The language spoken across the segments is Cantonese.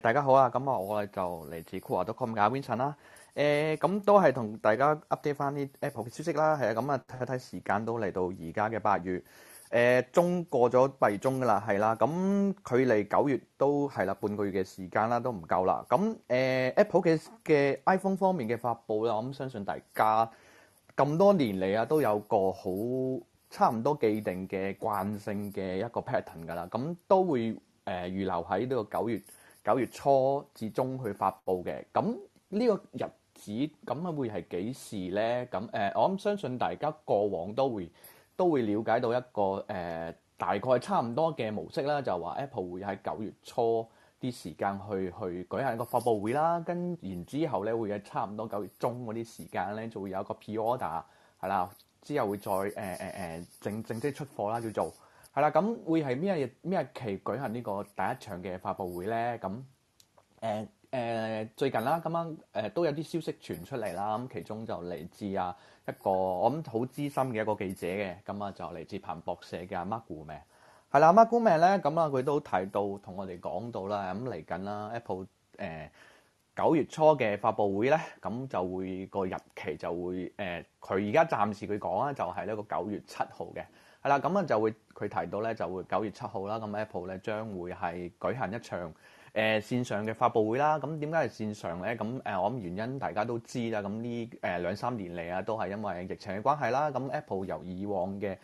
大家好啊，咁啊，我哋就嚟自 c 酷玩都 com 嘅阿 Winson 啦。誒，咁都係同大家 update 翻啲 Apple 嘅消息啦。係啊，咁啊，睇睇時間都嚟到而家嘅八月。誒、呃，中過咗八月中噶啦，係啦。咁距離九月都係啦，半個月嘅時間啦，都唔夠啦。咁、嗯、誒、呃、，Apple 嘅 iPhone 方面嘅發布咧，我諗相信大家咁多年嚟啊，都有個好。差唔多既定嘅慣性嘅一個 pattern 㗎啦，咁都會誒、呃、預留喺呢個九月九月初至中去發佈嘅。咁呢個日子咁會係幾時呢？咁誒、呃，我諗相信大家過往都會都會了解到一個誒、呃、大概差唔多嘅模式啦，就話、是、Apple 會喺九月初啲時間去去舉行一個發布會啦，跟然之後呢，會喺差唔多九月中嗰啲時間呢，就會有一個 pre-order 係啦。之後會再誒誒誒正正式出貨啦，叫做係啦，咁、啊、會係咩日咩期舉行呢個第一場嘅發佈會咧？咁誒誒最近啦，咁啱誒都有啲消息傳出嚟啦，咁其中就嚟自啊一個我諗好資深嘅一個記者嘅，咁啊就嚟自彭博社嘅阿 Mark Gurman，係啦、啊、，Mark Gurman 咧，咁啊佢都提到同我哋講到、嗯、啦，咁嚟緊啦，Apple 誒、呃。九月初嘅發布會呢，咁就會個日期就會誒，佢而家暫時佢講啦，就係、是、呢個九月七號嘅係啦。咁啊就會佢提到呢，就會九月七號啦。咁 Apple 呢，將會係舉行一場誒、呃、線上嘅發布會啦。咁點解係線上呢？咁誒、呃，我諗原因大家都知啦。咁呢誒兩三年嚟啊，都係因為疫情嘅關係啦。咁 Apple 由以往嘅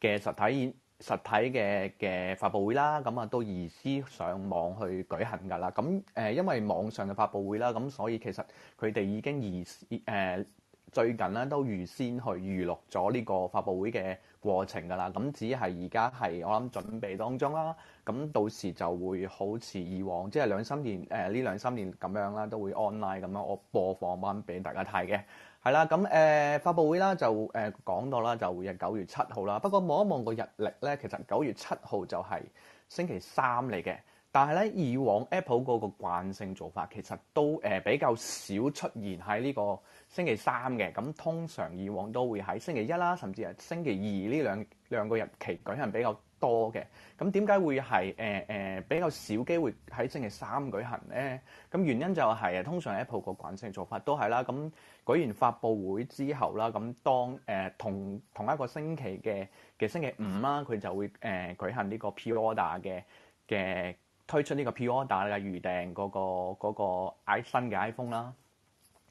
嘅實體演。實體嘅嘅發佈會啦，咁啊都移師上網去舉行㗎啦。咁誒，呃，因為網上嘅發佈會啦，咁所以其實佢哋已經移誒。呃最近咧都預先去預錄咗呢個發佈會嘅過程㗎啦，咁只係而家係我諗準備當中啦。咁到時就會好似以往即係兩三年誒呢兩三年咁樣啦，都會 online 咁樣我播放翻俾大家睇嘅係啦。咁誒、呃、發佈會啦就誒講、呃、到啦，就會係九月七號啦。不過望一望個日曆咧，其實九月七號就係星期三嚟嘅。但係咧，以往 Apple 嗰個慣性做法其實都誒、呃、比較少出現喺呢個星期三嘅。咁通常以往都會喺星期一啦，甚至係星期二呢兩兩個日期舉行比較多嘅。咁點解會係誒誒比較少機會喺星期三舉行咧？咁原因就係、是、啊，通常 Apple 個慣性做法都係啦。咁舉完發佈會之後啦，咁當誒、呃、同同一個星期嘅嘅星期五啦，佢就會誒、呃、舉行呢個 pre-order 嘅嘅。推出呢個 pre-order 嘅預訂嗰個嗰個新嘅 iPhone 啦。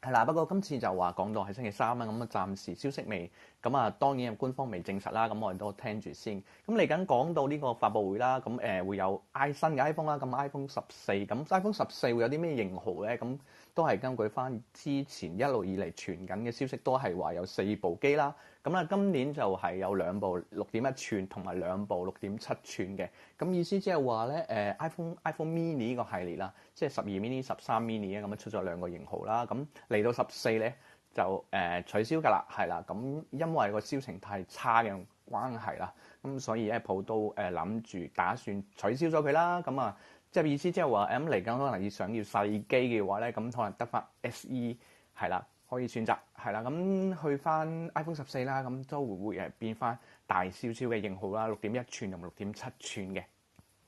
係啦，不過今次就話講到係星期三啊，咁啊暫時消息未，咁啊當然官方未證實啦，咁我哋都聽住先。咁嚟緊講到呢個發布會啦，咁誒會有新 i 新嘅 iPhone 啦，咁 iPhone 十四，咁 iPhone 十四會有啲咩型號咧？咁都係根據翻之前一路以嚟傳緊嘅消息，都係話有四部機啦。咁啦，今年就係有兩部六點一寸同埋兩部六點七寸嘅。咁意思即係話咧，誒 iPhone iPhone Mini 呢個系列啦，即係十二 Mini 十三 Mini 啊，咁出咗兩個型號啦，咁。嚟到十四咧就誒、呃、取消㗎啦，係啦咁，因為個銷情太差嘅關係啦，咁所以 Apple 都誒諗住打算取消咗佢啦。咁啊，即係意思即係話 M 嚟緊可能要想要細機嘅話咧，咁可能得翻 SE 係啦，可以選擇係啦。咁去翻 iPhone 十四啦，咁周會會誒變翻大少少嘅型號啦，六點一吋同六點七吋嘅。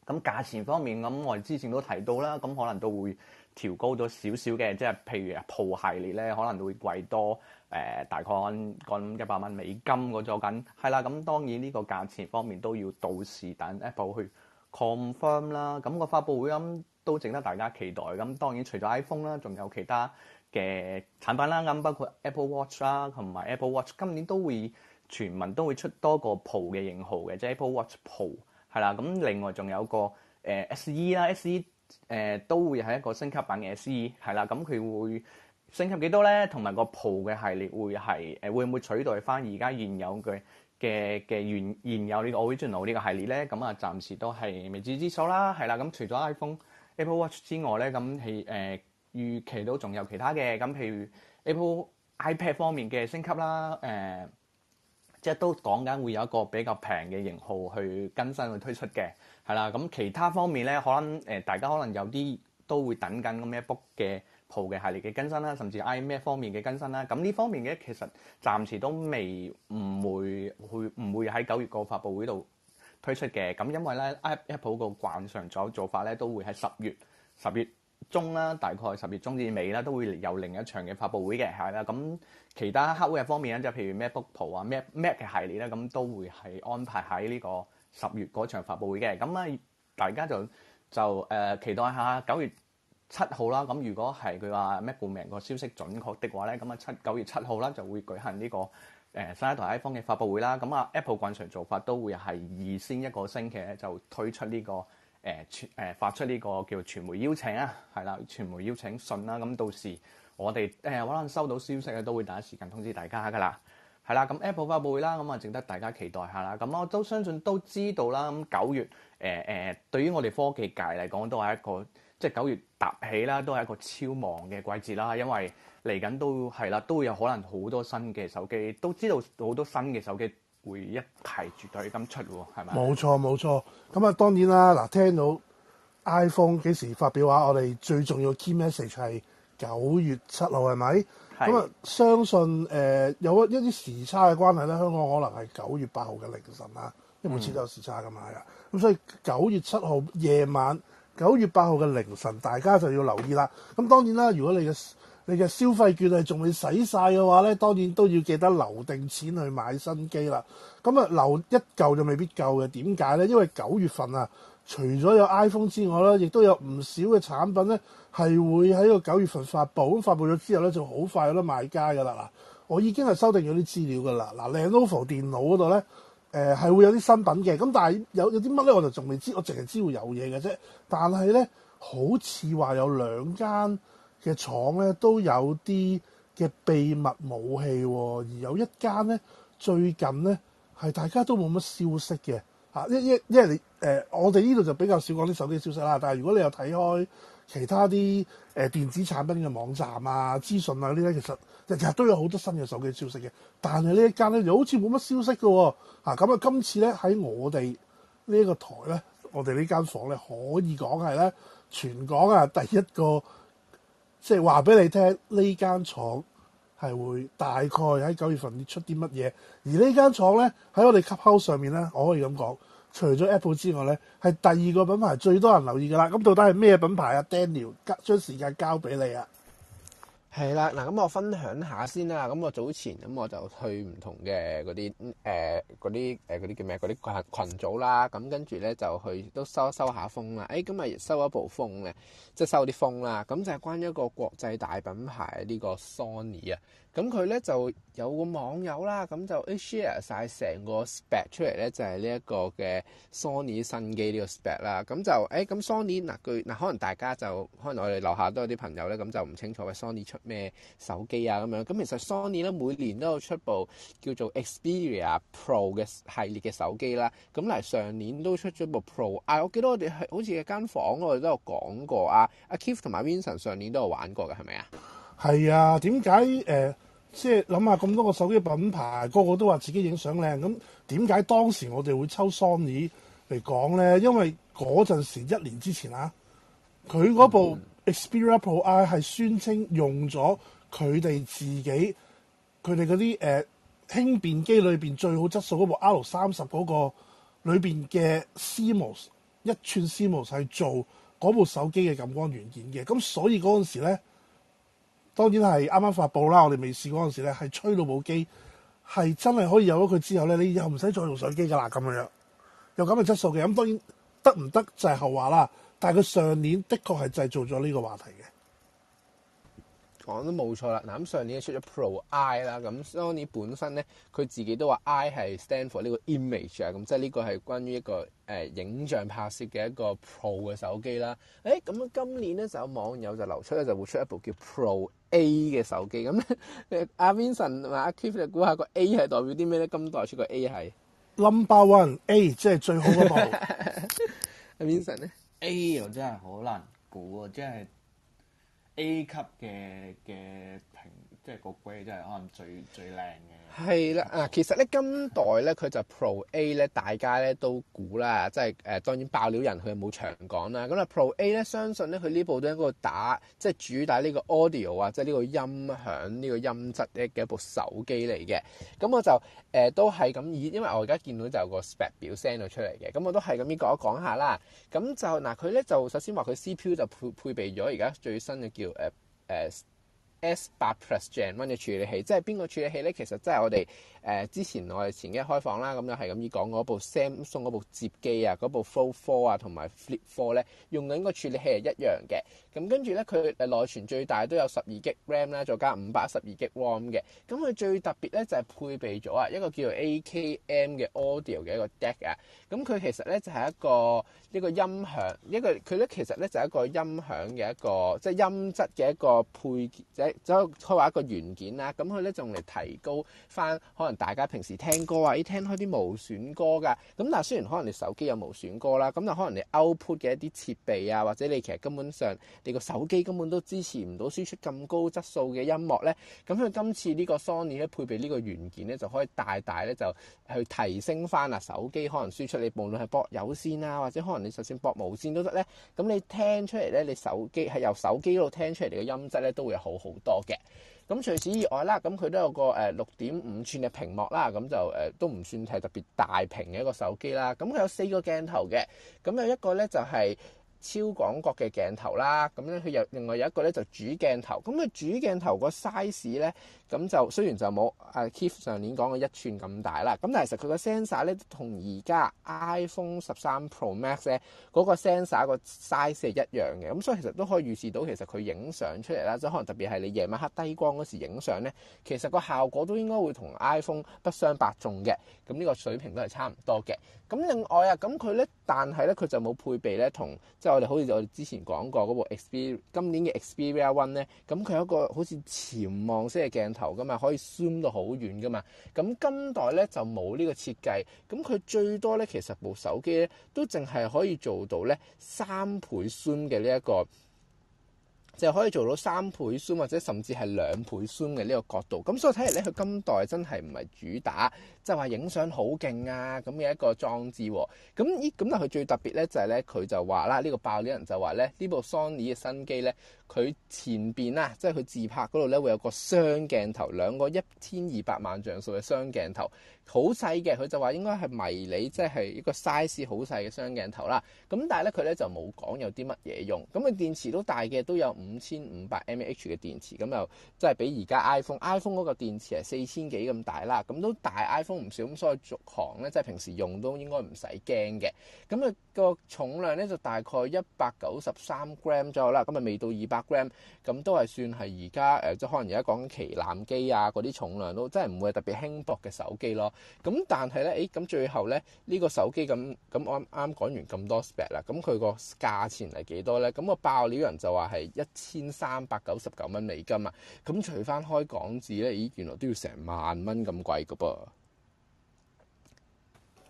咁價錢方面，咁我哋之前都提到啦，咁可能都會。調高咗少少嘅，即係譬如啊，Pro 系列咧可能會貴多誒、呃，大概按一百蚊美金嗰種，緊係啦。咁當然呢個價錢方面都要到時等 Apple 去 confirm 啦。咁個發布會咁都值得大家期待。咁當然除咗 iPhone 啦，仲有其他嘅產品啦，咁包括 Apple Watch 啦，同埋 Apple Watch 今年都會傳聞都會出多個 Pro 嘅型號嘅，即係 Apple Watch Pro 係啦。咁另外仲有個誒 SE 啦，SE。誒、呃、都會係一個升級版嘅 SE 係啦，咁、嗯、佢會升級幾多咧？同埋個 Pro 嘅系列會係誒、呃、會唔會取代翻而家現有嘅嘅嘅原現有呢 original 呢個系列咧？咁啊暫時都係未知之數啦，係啦。咁、嗯、除咗 iPhone Apple Watch 之外咧，咁係誒預期都仲有其他嘅，咁、嗯、譬如 Apple iPad 方面嘅升級啦，誒、嗯。即係都講緊會有一個比較平嘅型號去更新去推出嘅，係啦。咁其他方面咧，可能誒大家可能有啲都會等緊 MacBook 嘅 Pro 嘅系列嘅更新啦，甚至 iMac 方面嘅更新啦。咁呢方面嘅其實暫時都未唔會去唔會喺九月個發布會度推出嘅。咁因為咧，Apple 個慣常咗做法咧，都會喺十月十月。中啦，大概十月中至尾啦，都會有另一場嘅發布會嘅，係啦。咁其他黑烏嘅方面咧，就譬如咩 MacBook Pro 啊，咩 Mac 嘅系列咧，咁都會係安排喺呢個十月嗰場發布會嘅。咁啊，大家就就誒、呃、期待下九月七號啦。咁如果係佢話咩 Gurman 個消息準確的話咧，咁啊七九月七號啦就會舉行呢、這個誒、呃、新一代 iPhone 嘅發布會啦。咁啊 Apple 慣常做法都會係二先一個星期咧就推出呢、這個。誒傳誒發出呢個叫傳媒邀請啊，係啦，傳媒邀請信啦，咁到時我哋誒可能收到消息咧，都會第一時間通知大家噶啦，係啦，咁 Apple 發布會啦，咁啊，值得大家期待下啦，咁我都相信都知道啦，咁九月誒誒、呃，對於我哋科技界嚟講，都係一個即係九月搭起啦，都係一個超忙嘅季節啦，因為嚟緊都係啦，都會有可能好多新嘅手機，都知道好多新嘅手機。會一齊組隊咁出喎，係嘛？冇錯冇錯，咁啊當然啦，嗱聽到 iPhone 幾時發表啊？我哋最重要 Key message 係九月七號係咪？咁啊是相信誒、呃、有一一啲時差嘅關係咧，香港可能係九月八號嘅凌晨啦，因為每次都有時差噶嘛，係啊、嗯。咁所以九月七號夜晚、九月八號嘅凌晨，大家就要留意啦。咁當然啦，如果你嘅。其實消費券係仲未使晒嘅話咧，當然都要記得留定錢去買新機啦。咁啊，留一嚿就未必夠嘅。點解咧？因為九月份啊，除咗有 iPhone 之外咧，亦都有唔少嘅產品咧，係會喺個九月份發布。咁發布咗之後咧，就好快有得賣家噶啦。嗱，我已經係收定咗啲資料噶啦。嗱你喺 Lenovo 電腦嗰度咧，誒、呃、係會有啲新品嘅。咁但係有有啲乜咧，我就仲未知。我淨係知會有嘢嘅啫。但係咧，好似話有兩間。嘅廠咧都有啲嘅秘密武器、哦，而有一間咧最近咧係大家都冇乜消息嘅嚇。因因因為你誒，我哋呢度就比較少講啲手機消息啦。但係如果你又睇開其他啲誒、呃、電子產品嘅網站啊、資訊啊呢啲，其實日日都有好多新嘅手機消息嘅。但係呢一間咧又好似冇乜消息嘅、哦、啊。咁啊，今次咧喺我哋呢個台咧，我哋呢間房咧可以講係咧全港啊第一個。即係話俾你聽，呢間廠係會大概喺九月份出啲乜嘢，而呢間廠咧喺我哋吸口上面咧，我可以咁講，除咗 Apple 之外咧，係第二個品牌最多人留意嘅啦。咁到底係咩品牌啊？Daniel，將時間交俾你啊！係啦，嗱咁我分享下先啦。咁我早前咁我就去唔同嘅嗰啲誒啲誒啲叫咩？嗰啲群組啦。咁跟住咧就去都收一收下風啦。誒咁咪收一部風嘅，即係收啲風啦。咁就係關於一個國際大品牌呢個 Sony 啊。咁佢咧就有個網友啦，咁就 share 曬成個 spec 出嚟咧，就係呢一個嘅 Sony 新機呢個 spec 啦。咁就誒，咁 Sony 嗱，佢嗱，可能大家就可能我哋樓下都有啲朋友咧，咁就唔清楚喂 Sony 出咩手機啊咁樣。咁其實 Sony 咧每年都有出部叫做 Xperia Pro 嘅系列嘅手機啦。咁嚟上年都出咗部 Pro，啊，我記得我哋好似係間房我哋都有講過啊，阿 Keith 同埋 Vincent 上年都有玩過嘅，係咪啊？係啊，點解誒？即係諗下咁多個手機品牌，個個都話自己影相靚，咁點解當時我哋會抽 Sony 嚟講咧？因為嗰陣時一年之前啊，佢嗰部 Xperia Pro I 係宣稱用咗佢哋自己佢哋嗰啲誒輕便機裏邊最好質素嗰部 R 三十嗰個裏邊嘅 CMOS 一寸 CMOS 係做嗰部手機嘅感光元件嘅，咁所以嗰陣時咧。當然係啱啱發佈啦，我哋未試，陣時咧，係吹到部機係真係可以有咗佢之後咧，你以後唔使再用相機㗎啦，咁樣樣，有咁嘅質素嘅，咁當然得唔得就係後話啦。但係佢上年的確係製造咗呢個話題嘅。講都冇錯啦，嗱咁上年出咗 Pro I 啦，咁 Sony 本身咧佢自己都話 I 係 stand for 呢個 image 啊，咁即係呢個係關於一個誒、呃、影像拍攝嘅一個 Pro 嘅手機啦。誒咁樣今年咧就有網友就流出咧就會出一部叫 Pro A 嘅手機，咁咧阿 Vincent 同埋阿 k i p e y 估下，嗰個 A 係代表啲咩咧？咁代表出個 A 係 number one A，即係最好嗰部。阿 Vincent 咧呢 A 又真係好難估啊，真係。A 級嘅嘅。即係個機真係可能最最靚嘅。係啦，嗱，其實咧今代咧佢就 Pro A 咧，大家咧都估啦，即係誒、呃、當然爆料人佢冇長講啦。咁、嗯、啊 Pro A 咧，相信咧佢呢部都係一個打即係主打呢個 audio 啊，即係呢個音響呢、呢個音質嘅一部手機嚟嘅。咁、嗯、我就誒、呃、都係咁以，因為我而家見到就有個 spec 表 send 咗出嚟嘅。咁、嗯、我都係咁依講一講一下啦。咁、嗯、就嗱佢咧就首先話佢 C P U 就配配備咗而家最新嘅叫誒誒。呃呃 S 八 Plus Gen One 嘅處理器，即係邊個處理器咧？其實即係我哋。誒，之前我哋前幾日開放啦，咁樣係咁樣講嗰部 Samsung 嗰部摺機啊，嗰部 Fold Four 啊同埋 Flip Four 咧，用緊個處理器係一樣嘅。咁跟住咧，佢內存最大都有十二 g RAM 啦，再加五百十二 g ROM 嘅。咁佢最特別咧就係配備咗啊一個叫做 AKM 嘅 audio 嘅一個 deck 啊。咁佢其實咧就係一個一、呢個音響，一個佢咧其實咧就係一個音響嘅一個即係音質嘅一個配件，即係即係開話一個元件啦。咁佢咧仲嚟提高翻大家平時聽歌啊，依聽開啲無損歌噶，咁但雖然可能你手機有無損歌啦，咁但可能你 output 嘅一啲設備啊，或者你其實根本上你個手機根本都支持唔到輸出咁高質素嘅音樂咧，咁佢今次呢個 Sony 咧配備呢個元件咧，就可以大大咧就去提升翻啊手機可能輸出你無論係駁有線啊，或者可能你就算駁無線都得咧，咁你聽出嚟咧，你手機係由手機度聽出嚟你嘅音質咧，都會好好多嘅。咁除此以外啦，咁佢都有個誒六點五吋嘅屏幕啦，咁就誒都唔算係特別大屏嘅一個手機啦。咁佢有四個鏡頭嘅，咁有一個咧就係、是。超廣角嘅鏡頭啦，咁咧佢又另外有一個咧就主鏡頭，咁佢主鏡頭個 size 咧，咁就雖然就冇啊 Keith 上年講嘅一吋咁大啦，咁但係其實佢個 sensor 咧同而家 iPhone 十三 Pro Max 咧嗰個 sensor 個 size 係一樣嘅，咁所以其實都可以預示到其實佢影相出嚟啦，即可能特別係你夜晚黑低光嗰時影相咧，其實個效果都應該會同 iPhone 不相伯仲嘅，咁、這、呢個水平都係差唔多嘅。咁另外啊，咁佢咧但係咧佢就冇配備咧同我哋好似我哋之前講過嗰部 Xperia，今年嘅 Xperia One 咧，咁佢有一個好似潛望式嘅鏡頭噶嘛，可以 zoom 到好遠噶嘛。咁今代咧就冇呢個設計，咁佢最多咧其實部手機咧都淨係可以做到咧三倍 zoom 嘅呢、這、一個。就可以做到三倍 zoom 或者甚至係兩倍 zoom 嘅呢個角度，咁所以睇嚟咧，佢今代真係唔係主打，就係話影相好勁啊！咁嘅一個裝置，咁依咁但係佢最特別咧就係咧，佢就話啦，呢個爆料人就話咧，呢部 Sony 嘅新機咧。佢前邊啊，即係佢自拍嗰度咧，會有個雙鏡頭，兩個一千二百萬像素嘅雙鏡頭，好細嘅。佢就話應該係迷你，即係一個 size 好細嘅雙鏡頭啦。咁但係咧，佢咧就冇講有啲乜嘢用。咁佢電池都大嘅，都有五千五百 mAh 嘅電池。咁又即係比而家 iPhone，iPhone 嗰個電池係四千幾咁大啦。咁都大 iPhone 唔少。咁所以續航咧，即係平時用都應該唔使驚嘅。咁啊～個重量咧就大概一百九十三 gram 左右啦，咁啊未到二百 gram，咁都係算係而家誒，即係可能而家講旗艦機啊嗰啲重量都真係唔會係特別輕薄嘅手機咯。咁但係咧，誒咁最後咧呢個手機咁咁我啱啱講完咁多 spec 啦，咁佢個價錢係幾多咧？咁個爆料人就話係一千三百九十九蚊美金啊，咁除翻開港紙咧，咦原來都要成萬蚊咁貴噶噃。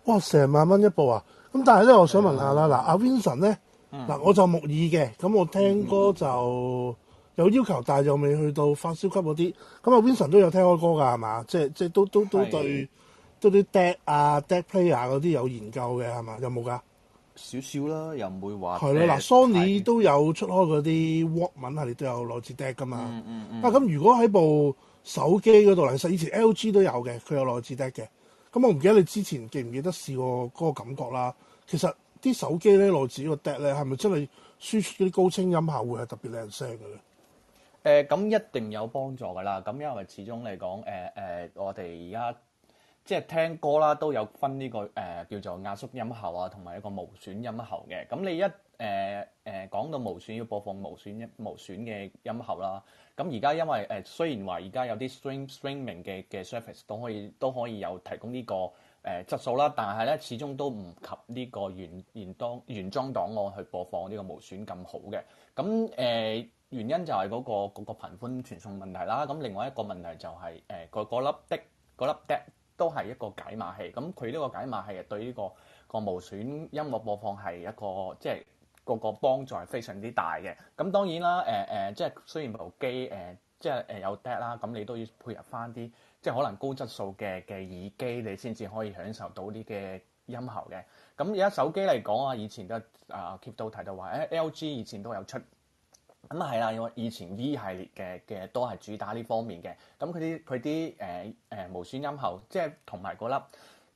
哇！成萬蚊一部啊！咁但係咧，我想問下啦，嗱，阿 Vincent 咧，嗱，我就木耳嘅，咁我聽歌就有要求，但係又未去到發燒級嗰啲。咁阿 Vincent 都有聽開歌㗎係嘛？即係即係都都都對都啲 DAC 啊、DAC Player 嗰啲有研究嘅係嘛？有冇㗎？少少啦，又唔會話係啦。嗱，Sony 都有出開嗰啲 Walkman 係，都有內置 DAC 㗎嘛。啊，咁如果喺部手機嗰度嚟，其實以前 LG 都有嘅，佢有內置 DAC 嘅。咁、嗯、我唔記得你之前記唔記得試過嗰個感覺啦。其實啲手機咧內置個 DAC 咧，係咪真係輸出啲高清音效會係特別靚聲嘅咧？誒、呃，咁一定有幫助㗎啦。咁因為始終嚟講，誒、呃、誒、呃，我哋而家。即係聽歌啦，都有分呢、這個誒、呃、叫做壓縮音效啊，同埋一個無損音效嘅。咁你一誒誒、呃呃、講到無損，要播放無損無損嘅音效啦。咁而家因為誒、呃、雖然話而家有啲 streaming streaming 嘅嘅 service 都可以都可以有提供呢、這個誒、呃、質素啦，但係咧始終都唔及呢個原原當原裝檔案去播放呢個無損咁好嘅。咁誒、呃、原因就係嗰、那個嗰、那個頻寬傳送問題啦。咁另外一個問題就係、是、誒、呃、那個粒的粒 data。那個都係一個解碼器，咁佢呢個解碼器對呢、這個個無損音樂播放係一個即係、就是、個個幫助係非常之大嘅。咁當然啦，誒、呃、誒、呃，即係雖然部機誒、呃、即係誒有 DAC 啦，咁、嗯、你都要配合翻啲即係可能高質素嘅嘅耳機，你先至可以享受到呢啲嘅音效嘅。咁而家手機嚟講啊，以前都啊、呃、Keep 都提到話，誒、欸、LG 以前都有出。咁啊係啦，因為以前 e 系列嘅嘅都係主打呢方面嘅，咁佢啲佢啲誒誒無損音效，即係同埋嗰粒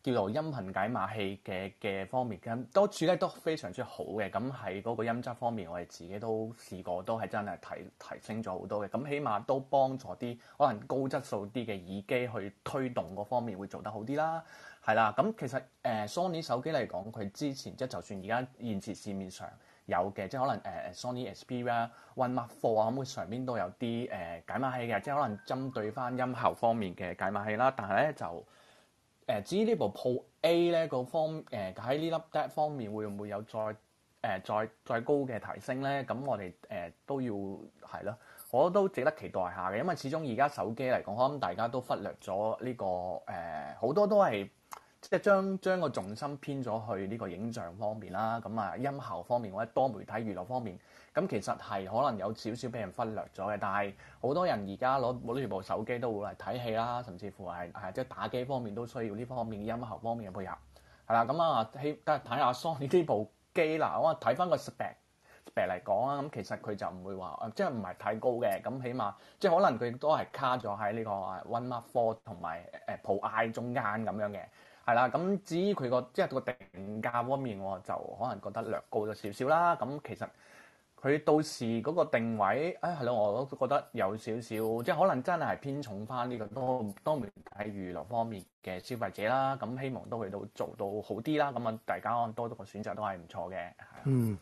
叫做音頻解碼器嘅嘅方面咁，多處咧都非常之好嘅，咁喺嗰個音質方面，我哋自己都試過都係真係提提升咗好多嘅，咁起碼都幫助啲可能高質素啲嘅耳機去推動嗰方面會做得好啲啦，係啦、啊，咁其實誒、呃、Sony 手機嚟講，佢之前即係就算而家現時市面上。有嘅，即係可能誒 Sony SP 啦、OnePlus 啊咁，1M4，上邊都有啲誒、呃、解碼器嘅，即係可能針對翻音效方面嘅解碼器啦。但係咧就誒、呃、至於呢部 Pro A 咧個方誒喺呢粒 Die 方面會唔會有再誒、呃、再再高嘅提升咧？咁我哋誒、呃、都要係咯，我都值得期待下嘅，因為始終而家手機嚟講，可能大家都忽略咗呢、呢個誒好、呃、多都係。即係將將個重心偏咗去呢個影像方面啦，咁、嗯、啊音效方面或者多媒體娛樂方面，咁、嗯、其實係可能有少少俾人忽略咗嘅。但係好多人而家攞攞住部手機都會嚟睇戲啦，甚至乎係係即係打機方面都需要呢方面音效方面嘅配合係啦。咁、嗯、啊、嗯嗯嗯呃嗯，起睇下 Sony 呢部機啦，我睇翻個 spec 嚟講啊，咁其實佢就唔會話即係唔係太高嘅。咁起碼即係可能佢都係卡咗喺呢個 One Mark Four 同埋誒 Pro I 中間咁樣嘅。係啦，咁至於佢個即係個定價方面，我就可能覺得略高咗少少啦。咁其實佢到時嗰個定位，誒係咯，我都覺得有少少，即係可能真係係偏重翻呢個多多媒體娛樂方面嘅消費者啦。咁希望都佢都做到好啲啦。咁啊，大家多一個選擇都係唔錯嘅。嗯。